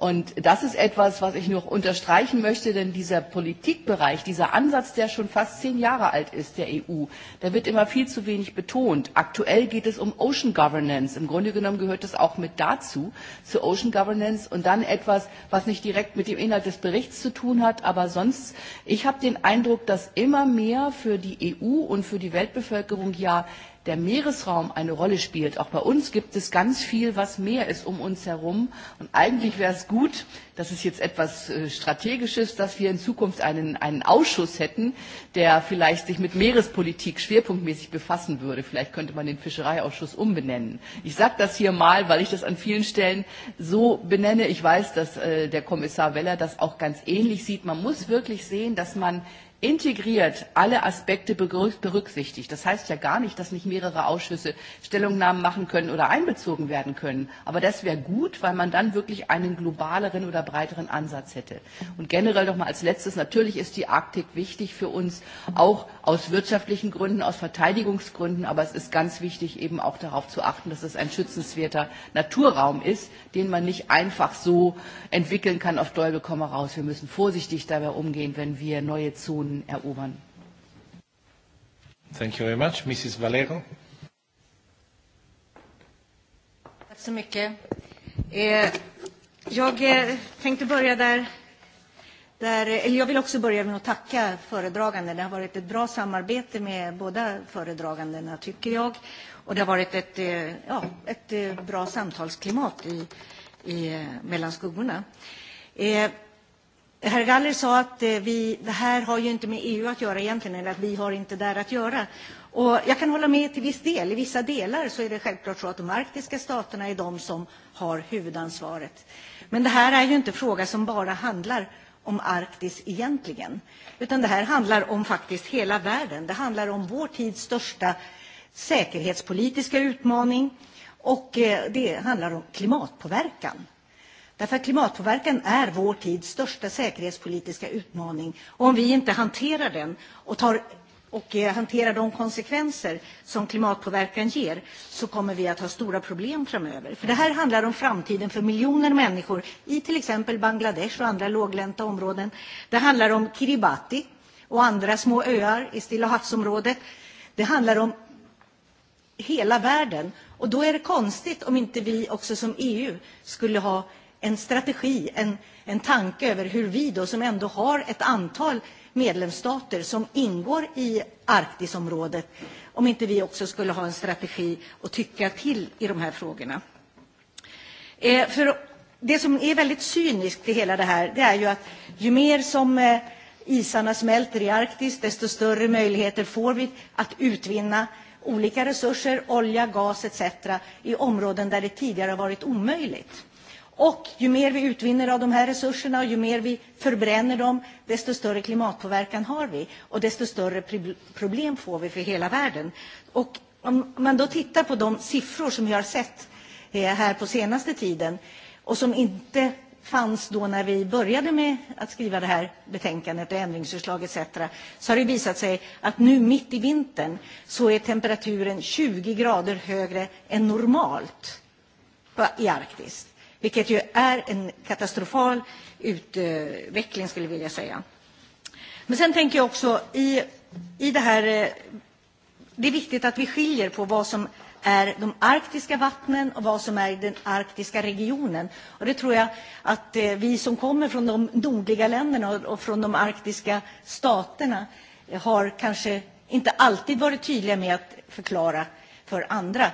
Und das ist etwas, was ich noch unterstreichen möchte, denn dieser Politikbereich, dieser Ansatz, der schon fast zehn Jahre alt ist, der EU, der wird immer viel zu wenig betont. Aktuell geht es um Ocean Governance. Im Grunde genommen gehört das auch mit dazu, zu Ocean Governance und dann etwas, was nicht direkt mit dem Inhalt des Berichts zu tun hat, aber sonst, ich habe den Eindruck, dass immer mehr für die EU und für die Weltbevölkerung ja der Meeresraum eine Rolle spielt. Auch bei uns gibt es ganz viel, was Meer ist um uns herum. Und eigentlich wäre es gut, das ist jetzt etwas äh, Strategisches, dass wir in Zukunft einen, einen Ausschuss hätten, der vielleicht sich mit Meerespolitik schwerpunktmäßig befassen würde. Vielleicht könnte man den Fischereiausschuss umbenennen. Ich sage das hier mal, weil ich das an vielen Stellen so benenne. Ich weiß, dass äh, der Kommissar Weller das auch ganz ähnlich sieht. Man muss wirklich sehen, dass man integriert alle Aspekte berücksichtigt. Das heißt ja gar nicht, dass nicht mehrere Ausschüsse Stellungnahmen machen können oder einbezogen werden können. Aber das wäre gut, weil man dann wirklich einen globaleren oder breiteren Ansatz hätte. Und generell noch mal als letztes, natürlich ist die Arktik wichtig für uns, auch aus wirtschaftlichen Gründen, aus Verteidigungsgründen. Aber es ist ganz wichtig, eben auch darauf zu achten, dass es ein schützenswerter Naturraum ist, den man nicht einfach so entwickeln kann auf Däubel, komm raus. Wir müssen vorsichtig dabei umgehen, wenn wir neue Zonen erobern. Thank you very much. Mrs. Valero. Tack så mycket. Eh, jag eh, tänkte börja där Där, eller jag vill också börja med att tacka föredraganden. Det har varit ett bra samarbete med båda föredragandena, tycker jag. Och det har varit ett, eh, ja, ett eh, bra samtalsklimat i, i, eh, mellan skuggorna. Eh, Herr Galler sa att vi, det här har ju inte med EU att göra egentligen, eller att vi har inte där att göra. Och jag kan hålla med till viss del. I vissa delar så är det självklart så att de arktiska staterna är de som har huvudansvaret. Men det här är ju inte en fråga som bara handlar om Arktis egentligen. Utan det här handlar om faktiskt hela världen. Det handlar om vår tids största säkerhetspolitiska utmaning och eh, det handlar om klimatpåverkan. Därför att klimatpåverkan är vår tids största säkerhetspolitiska utmaning. Och om vi inte hanterar den och tar och eh, hantera de konsekvenser som klimatpåverkan ger så kommer vi att ha stora problem framöver. För det här handlar om framtiden för miljoner människor i till exempel Bangladesh och andra låglänta områden. Det handlar om Kiribati och andra små öar i Stilla havsområdet. Det handlar om hela världen. Och då är det konstigt om inte vi också som EU skulle ha en strategi, en, en tanke över hur vi då som ändå har ett antal medlemsstater som ingår i Arktisområdet om inte vi också skulle ha en strategi och tycka till i de här frågorna. Eh, för det som är väldigt cyniskt i hela det här, det är ju att ju mer som eh, isarna smälter i Arktis, desto större möjligheter får vi att utvinna olika resurser, olja, gas etc. i områden där det tidigare har varit omöjligt. Och ju mer vi utvinner av de här resurserna och ju mer vi förbränner dem, desto större klimatpåverkan har vi och desto större problem får vi för hela världen. Och om man då tittar på de siffror som vi har sett eh, här på senaste tiden och som inte fanns då när vi började med att skriva det här betänkandet och ändringsförslag etc. så har det visat sig att nu mitt i vintern så är temperaturen 20 grader högre än normalt i Arktis vilket ju är en katastrofal utveckling skulle jag vilja säga. Men sen tänker jag också i, i det här, eh, det är viktigt att vi skiljer på vad som är de arktiska vattnen och vad som är den arktiska regionen. Och det tror jag att eh, vi som kommer från de nordliga länderna och från de arktiska staterna eh, har kanske inte alltid varit tydliga med att förklara för andra.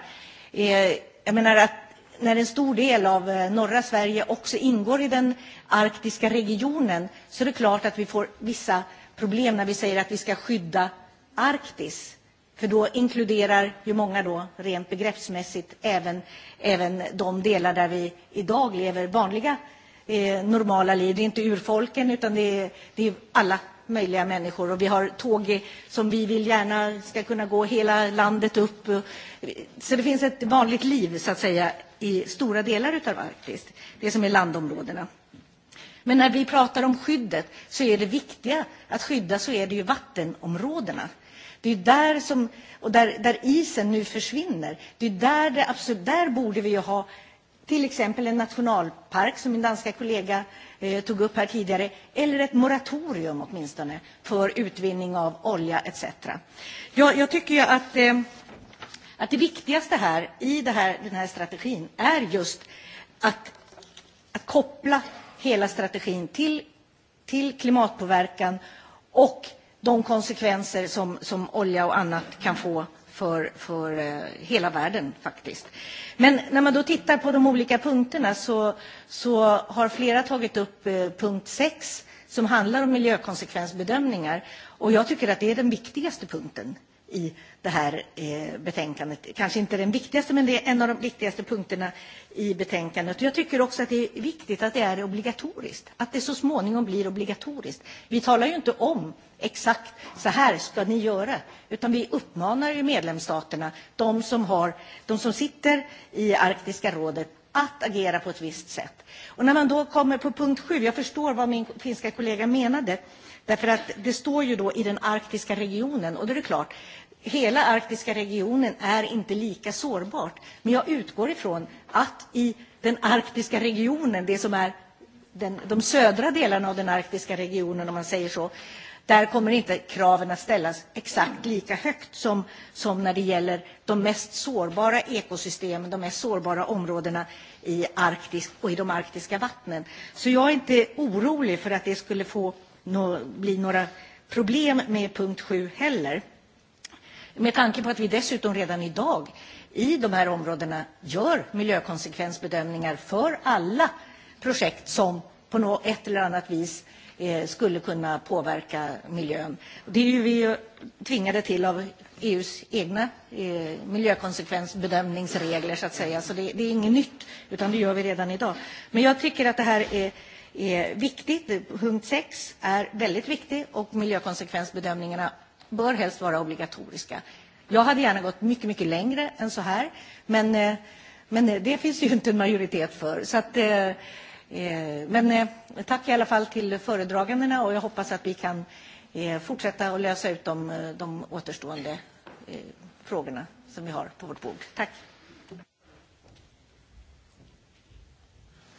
Jag menar att när en stor del av eh, norra Sverige också ingår i den arktiska regionen så är det klart att vi får vissa problem när vi säger att vi ska skydda Arktis. För då inkluderar ju många då rent begreppsmässigt även, även de delar där vi idag lever vanliga eh, normala liv. Det är inte urfolken utan det är, det är alla möjliga människor. Och vi har tåg som vi vill gärna ska kunna gå hela landet upp. Så det finns ett vanligt liv så att säga i stora delar av Arktis, det som är landområdena. Men när vi pratar om skyddet så är det viktiga att skydda så är det ju vattenområdena. Det är där som, och där, där isen nu försvinner, det är där det absolut, där borde vi ju ha till exempel en nationalpark som min danska kollega eh, tog upp här tidigare, eller ett moratorium åtminstone för utvinning av olja etc. Jag, jag tycker ju att eh, att det viktigaste här i det här, den här strategin är just att, att koppla hela strategin till, till klimatpåverkan och de konsekvenser som, som olja och annat kan få för, för eh, hela världen faktiskt. Men när man då tittar på de olika punkterna så, så har flera tagit upp eh, punkt 6 som handlar om miljökonsekvensbedömningar och jag tycker att det är den viktigaste punkten. Eh, i det här eh, betänkandet. Kanske inte den viktigaste, men det är en av de viktigaste punkterna i betänkandet. Jag tycker också att det är viktigt att det är obligatoriskt, att det så småningom blir obligatoriskt. Vi talar ju inte om exakt så här ska ni göra, utan vi uppmanar ju medlemsstaterna, de som, har, de som sitter i Arktiska rådet, att agera på ett visst sätt. Och när man då kommer på punkt 7, jag förstår vad min finska kollega menade, därför att det står ju då i den arktiska regionen och då är det klart, hela arktiska regionen är inte lika sårbart. Men jag utgår ifrån att i den arktiska regionen, det som är den, de södra delarna av den arktiska regionen om man säger så, Där kommer inte kraven att ställas exakt lika högt som, som när det gäller de mest sårbara ekosystemen, de mest sårbara områdena i Arktis och i de arktiska vattnen. Så jag är inte orolig för att det skulle få no, bli några problem med punkt 7 heller. Med tanke på att vi dessutom redan idag i de här områdena gör miljökonsekvensbedömningar för alla projekt som på något ett eller annat vis Eh, skulle kunna påverka miljön. Det är ju vi tvingade till av EUs egna eh, miljökonsekvensbedömningsregler, så att säga. Så det, det är inget nytt, utan det gör vi redan idag. Men jag tycker att det här är, är viktigt. Punkt 6 är väldigt viktig och miljökonsekvensbedömningarna bör helst vara obligatoriska. Jag hade gärna gått mycket, mycket längre än så här, men, eh, men det finns ju inte en majoritet för. Så att, eh, Eh, men eh, tack i alla fall till föredragandena och jag hoppas att vi kan eh, fortsätta att lösa ut de, de återstående frågorna som vi har på vårt bord. Tack!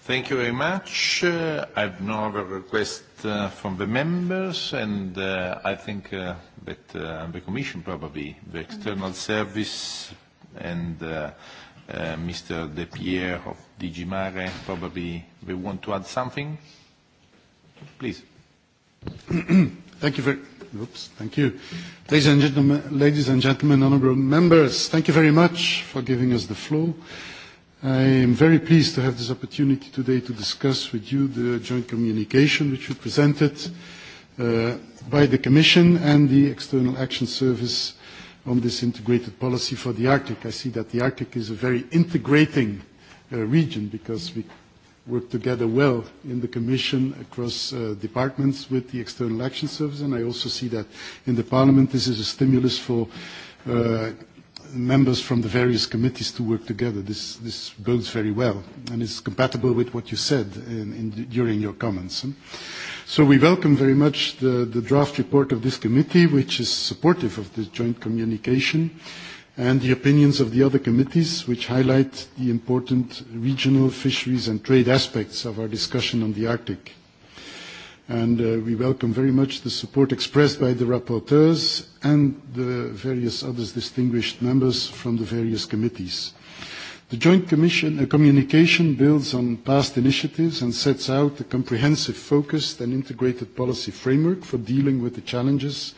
Thank you very much. Uh, I've no other request uh, from the members, and uh, I think uh, that uh, the Commission probably, the External mm -hmm. Service and uh, uh, Mr. De Pierre of DG Mare probably will want to add something. Please. thank you very oops, thank you. Ladies and gentlemen, ladies and gentlemen, honorable members, thank you very much for giving us the floor. I am very pleased to have this opportunity today to discuss with you the joint communication which we presented uh, by the Commission and the External Action Service uh, on this integrated policy for the Arctic. I see that the Arctic is a very integrating uh, region because we work together well in the Commission across uh, departments with the External Action Service, and I also see that in the Parliament this is a stimulus for uh, members from the various committees to work together. This, this bodes very well and is compatible with what you said in, in, during your comments. Huh? Eh? So we welcome very much the, the draft report of this committee, which is supportive of the joint communication, and the opinions of the other committees, which highlight the important regional fisheries and trade aspects of our discussion on the Arctic. And uh, we welcome very much the support expressed by the rapporteurs and the various others distinguished members from the various committees. The Joint Commission, uh, Communication builds on past initiatives and sets out a comprehensive, focused and integrated policy framework for dealing with the challenges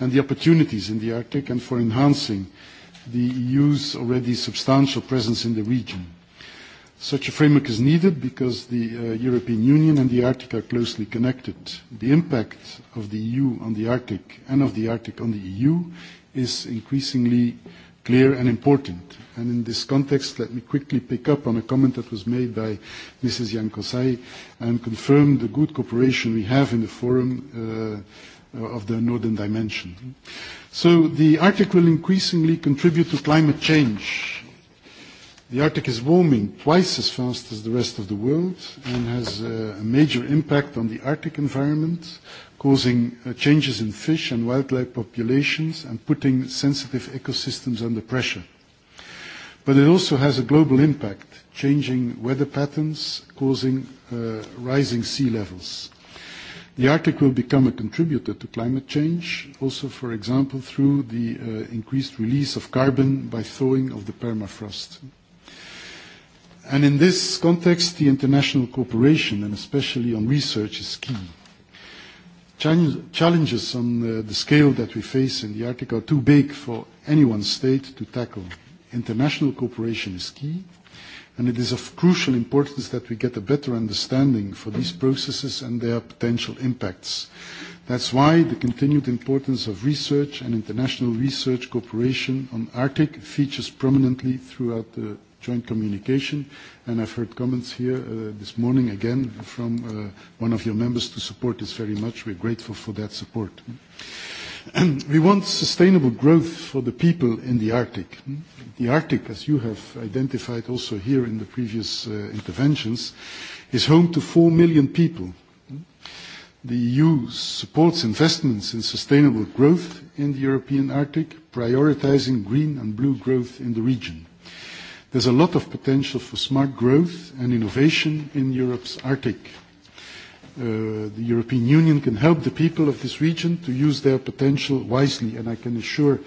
and the opportunities in the Arctic and for enhancing the EU's already substantial presence in the region. Such a framework is needed because the uh, European Union and the Arctic are closely connected. The impact of the EU on the Arctic and of the Arctic on the EU is increasingly uh, clear and important. And in this context, let me quickly pick up on a comment that was made by Mrs. Yankosai and confirm the good cooperation we have in the forum uh, of the Northern Dimension. So the Arctic will increasingly contribute to climate change The Arctic is warming twice as fast as the rest of the world and has uh, a major impact on the Arctic environment, causing uh, changes in fish and wildlife populations and putting sensitive ecosystems under pressure. But it also has a global impact, changing weather patterns, causing uh, rising sea levels. The Arctic will become a contributor to climate change, also, for example, through the uh, increased release of carbon by thawing of the permafrost. Mm-hmm. And in this context, the international cooperation, and especially on research, is key. Chal challenges on uh, the scale that we face in the Arctic are too big for any one state to tackle. International cooperation is key, and it is of crucial importance that we get a better understanding for these processes and their potential impacts. That's why the continued importance of research and international research cooperation on Arctic features prominently throughout the joint communication. And I've heard comments here uh, this morning again from uh, one of your members to support this very much. We're grateful for that support. we want sustainable growth for the people in the Arctic. The Arctic, as you have identified also here in the previous uh, interventions, is home to 4 million people. The EU supports investments in sustainable growth in the European Arctic, prioritizing green and blue growth in the region. There's a lot of potential for smart growth and innovation in Europe's Arctic. Uh, the European Union can help the people of this region to use their potential wisely, and I can assure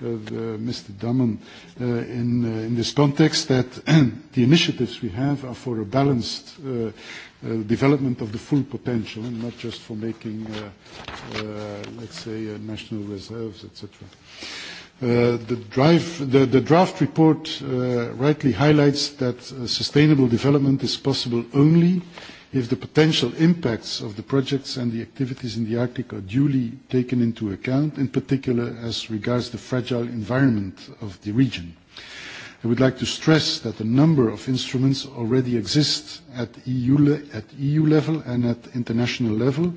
of uh, Mr. Daman uh, in, uh, in this context that the initiatives we have are for a balanced uh, uh, development of the full potential and not just for making, uh, uh, let's say, uh, national reserves, etc. Uh, the, drive, the, the draft report uh, rightly highlights that uh, sustainable development is possible only if the potential impacts of the projects and the activities in the Arctic are duly taken into account, in particular as regards the fragile environment of the region. I would like to stress that a number of instruments already exist at EU, le at EU level and at international level,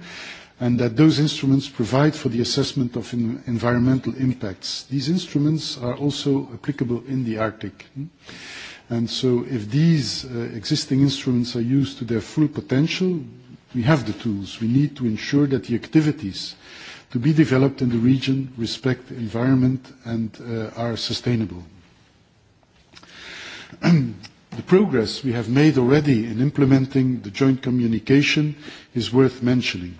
and that those instruments provide for the assessment of in environmental impacts. These instruments are also applicable in the Arctic. And so if these uh, existing instruments are used to their full potential, we have the tools. We need to ensure that the activities to be developed in the region respect the environment and uh, are sustainable. The progress we have made already in implementing the joint communication is worth mentioning.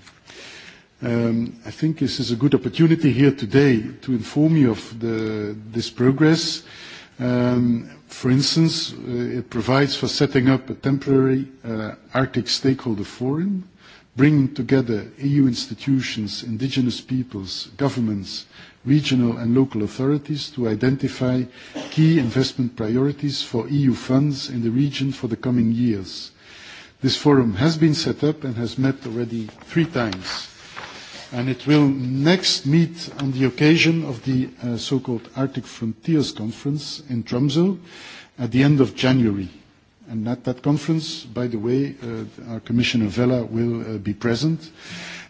Um, I think this is a good opportunity here today to inform you of the, this progress. Um, for instance, uh, it provides for setting up a temporary uh, Arctic Stakeholder Forum, bringing together EU institutions, indigenous peoples, governments, regional and local authorities to identify key investment priorities for EU funds in the region for the coming years. This forum has been set up and has met already three times and it will next meet on the occasion of the uh, so-called Arctic Frontiers Conference in Tromsø at the end of January. And at that conference, by the way, uh, our Commissioner Vella will uh, be present.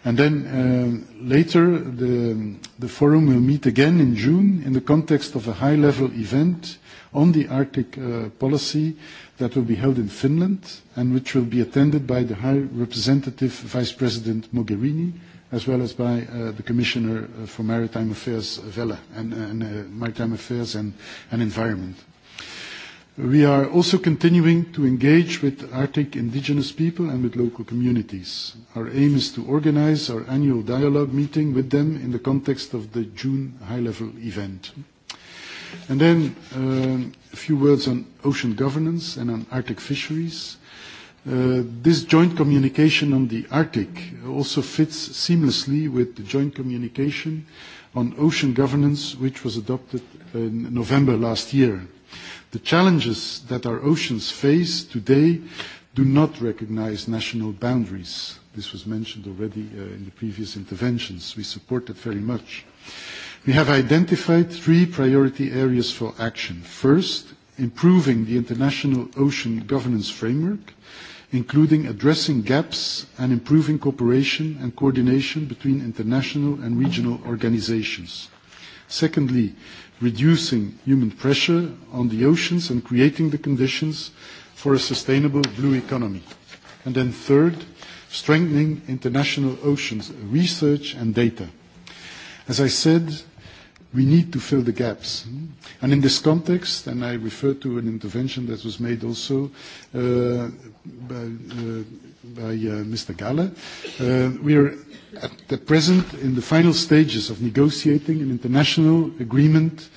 And then um, uh, later, the, the forum will meet again in June in the context of a high-level event on the Arctic uh, policy that will be held in Finland and which will be attended by the High Representative Vice President Mogherini, as well as by uh, the Commissioner uh, for Maritime Affairs, Vella, and, and uh, Maritime Affairs and, and Environment. We are also continuing to engage with Arctic indigenous people and with local communities. Our aim is to organize our annual dialogue meeting with them in the context of the June high-level event. And then um, a few words on ocean governance and on Arctic fisheries. Uh, this joint communication on the Arctic also fits seamlessly with the joint communication on ocean governance, which was adopted in November last year. The challenges that our oceans face today do not recognize national boundaries. This was mentioned already uh, in the previous interventions. We support that very much. We have identified three priority areas for action. First, improving the international ocean governance framework including addressing gaps and improving cooperation and coordination between international and regional organizations. Secondly, reducing human pressure on the oceans and creating the conditions for a sustainable blue economy. And then third, strengthening international oceans research and data. As I said, we need to fill the gaps. And in this context, and I refer to an intervention that was made also, uh, by, uh, by uh, Mr. Gahler. Uh, we are at the present in the final stages of negotiating an international agreement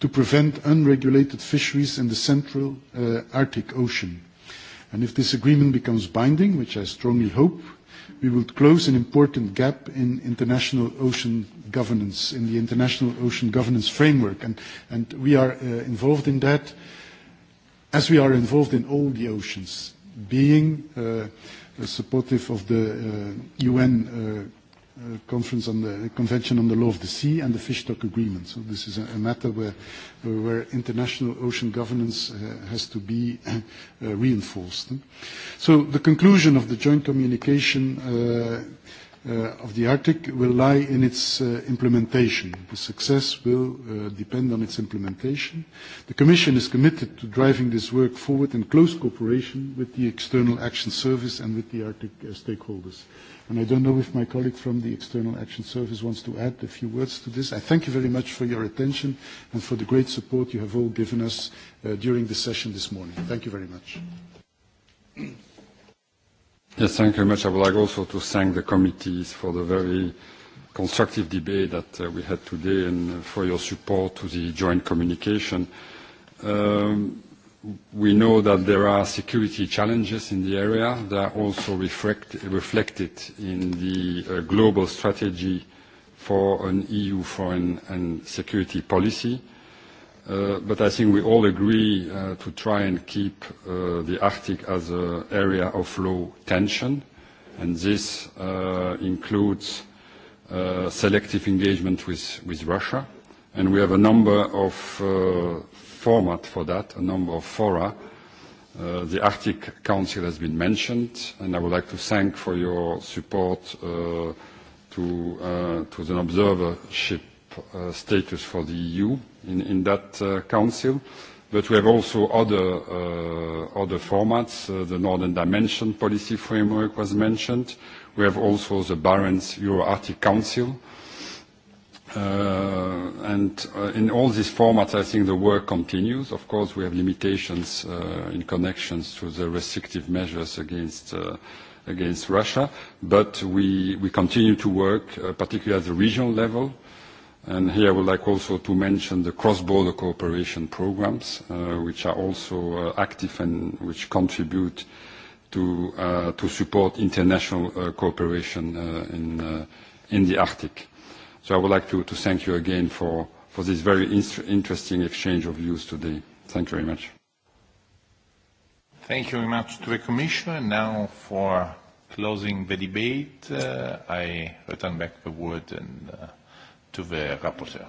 to prevent unregulated fisheries in the central Arctic Ocean. And if this agreement becomes binding, which I strongly hope, we will close an important gap in international ocean governance, in the international ocean governance framework. And, and we are uh, involved in that as we are involved in all the oceans being uh, uh, supportive of the uh, UN uh, uh, conference on the Convention on the Law of the Sea and the Fish Stock Agreement. So this is a, a matter where, uh, where international ocean governance uh, has to be uh, uh, reinforced. So the conclusion of the joint communication uh, uh, of the Arctic will lie in its uh, implementation. The success will uh, depend on its implementation. The Commission is committed to driving this work forward in close cooperation with the External Action Service and with the Arctic uh, stakeholders. And I don't know if my colleague from the External Action Service wants to add a few words to this. I thank you very much for your attention and for the great support you have all given us uh, during the session this morning. Thank you very much. Yes, thank you very much. I would like also to thank the committees for the very constructive debate that uh, we had today and uh, for your support to the joint communication. Um, we know that there are security challenges in the area. They are also reflect, reflected in the uh, global strategy for an EU foreign and security policy. Uh, Uh, but I think we all agree uh, to try and keep uh, the Arctic as an area of low tension, and this uh, includes uh, selective engagement with, with Russia. And we have a number of uh, formats for that, a number of fora. Uh, the Arctic Council has been mentioned, and I would like to thank for your support uh, to, uh, to the observership uh, status for the EU in, in that uh, council. But we have also other, uh, other formats. Uh, the Northern Dimension policy framework was mentioned. We have also the Barents Euro-Arctic Council. Uh, and uh, in all these formats, I think the work continues. Of course, we have limitations uh, in connections to the restrictive measures against uh, against Russia, but we, we continue to work, uh, particularly at the regional level, And here I would like also to mention the cross-border cooperation programs, uh, which are also uh, active and which contribute to, uh, to support international uh, cooperation uh, in, uh, in the Arctic. So I would like to, to thank you again for, for this very interesting exchange of views today. Thank you very much. Thank you very much to the Commissioner. Now for closing the debate, I return back the word and to the rapporteur.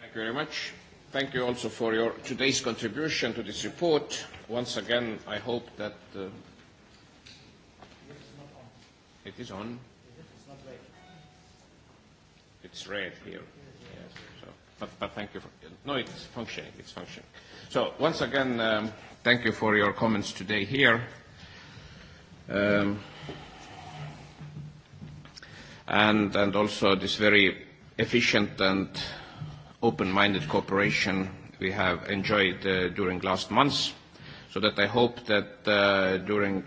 Thank you very much. Thank you also for your today's contribution to this report. Once again, I hope that uh, it is on. It's red here. Yes. So, but, but thank you. For, no, it's functioning. It's functioning. So once again, um, thank you for your comments today here. Um, and, and also this very efficient and open-minded cooperation we have enjoyed uh, during last months, so that I hope that uh, during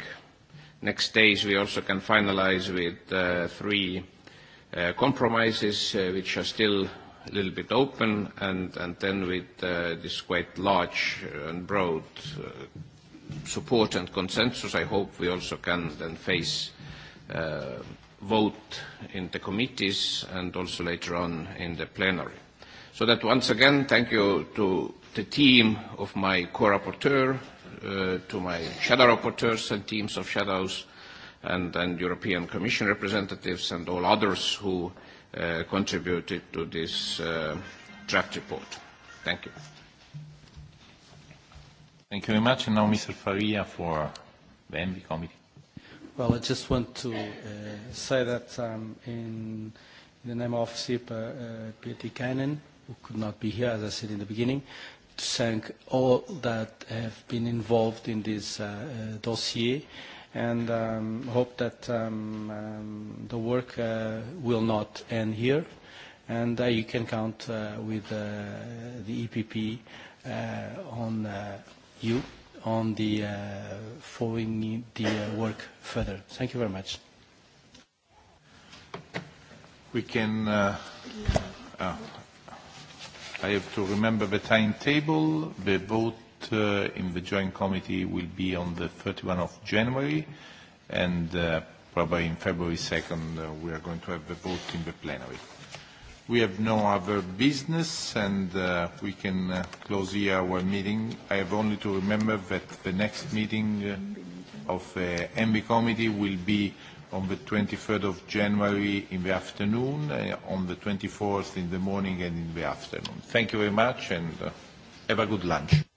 next days we also can finalize with uh, three uh, compromises, uh, which are still a little bit open, and, and then with uh, this quite large and broad uh, support and consensus, I hope we also can then face uh, vote in the committees and also later on in the plenary. So that once again, thank you to the team of my co-rapporteur, uh, to my shadow rapporteurs and teams of shadows, and, and European Commission representatives and all others who uh, contributed to this uh, draft report. Thank you. Thank you very much. And now Mr. Faria for the Envy Committee. Well, I just want to uh, say that um, in, in the name of SIPA uh, Pieti Kainen, who could not be here, as I said in the beginning, to thank all that have been involved in this uh, uh, dossier and um, hope that um, um, the work uh, will not end here. And uh, you can count uh, with uh, the EPP uh, on uh, you on the uh, following the uh, work further. Thank you very much. We can. Uh, uh, I have to remember the timetable. The vote uh, in the joint committee will be on the 31 of January, and uh, probably in February 2nd uh, we are going to have the vote in the plenary. We have no other business, and uh, we can uh, close here our meeting. I have only to remember that the next meeting uh, of the uh, MB Committee will be on the 23rd of January in the afternoon, uh, on the 24th in the morning and in the afternoon. Thank you very much, and uh, have a good lunch.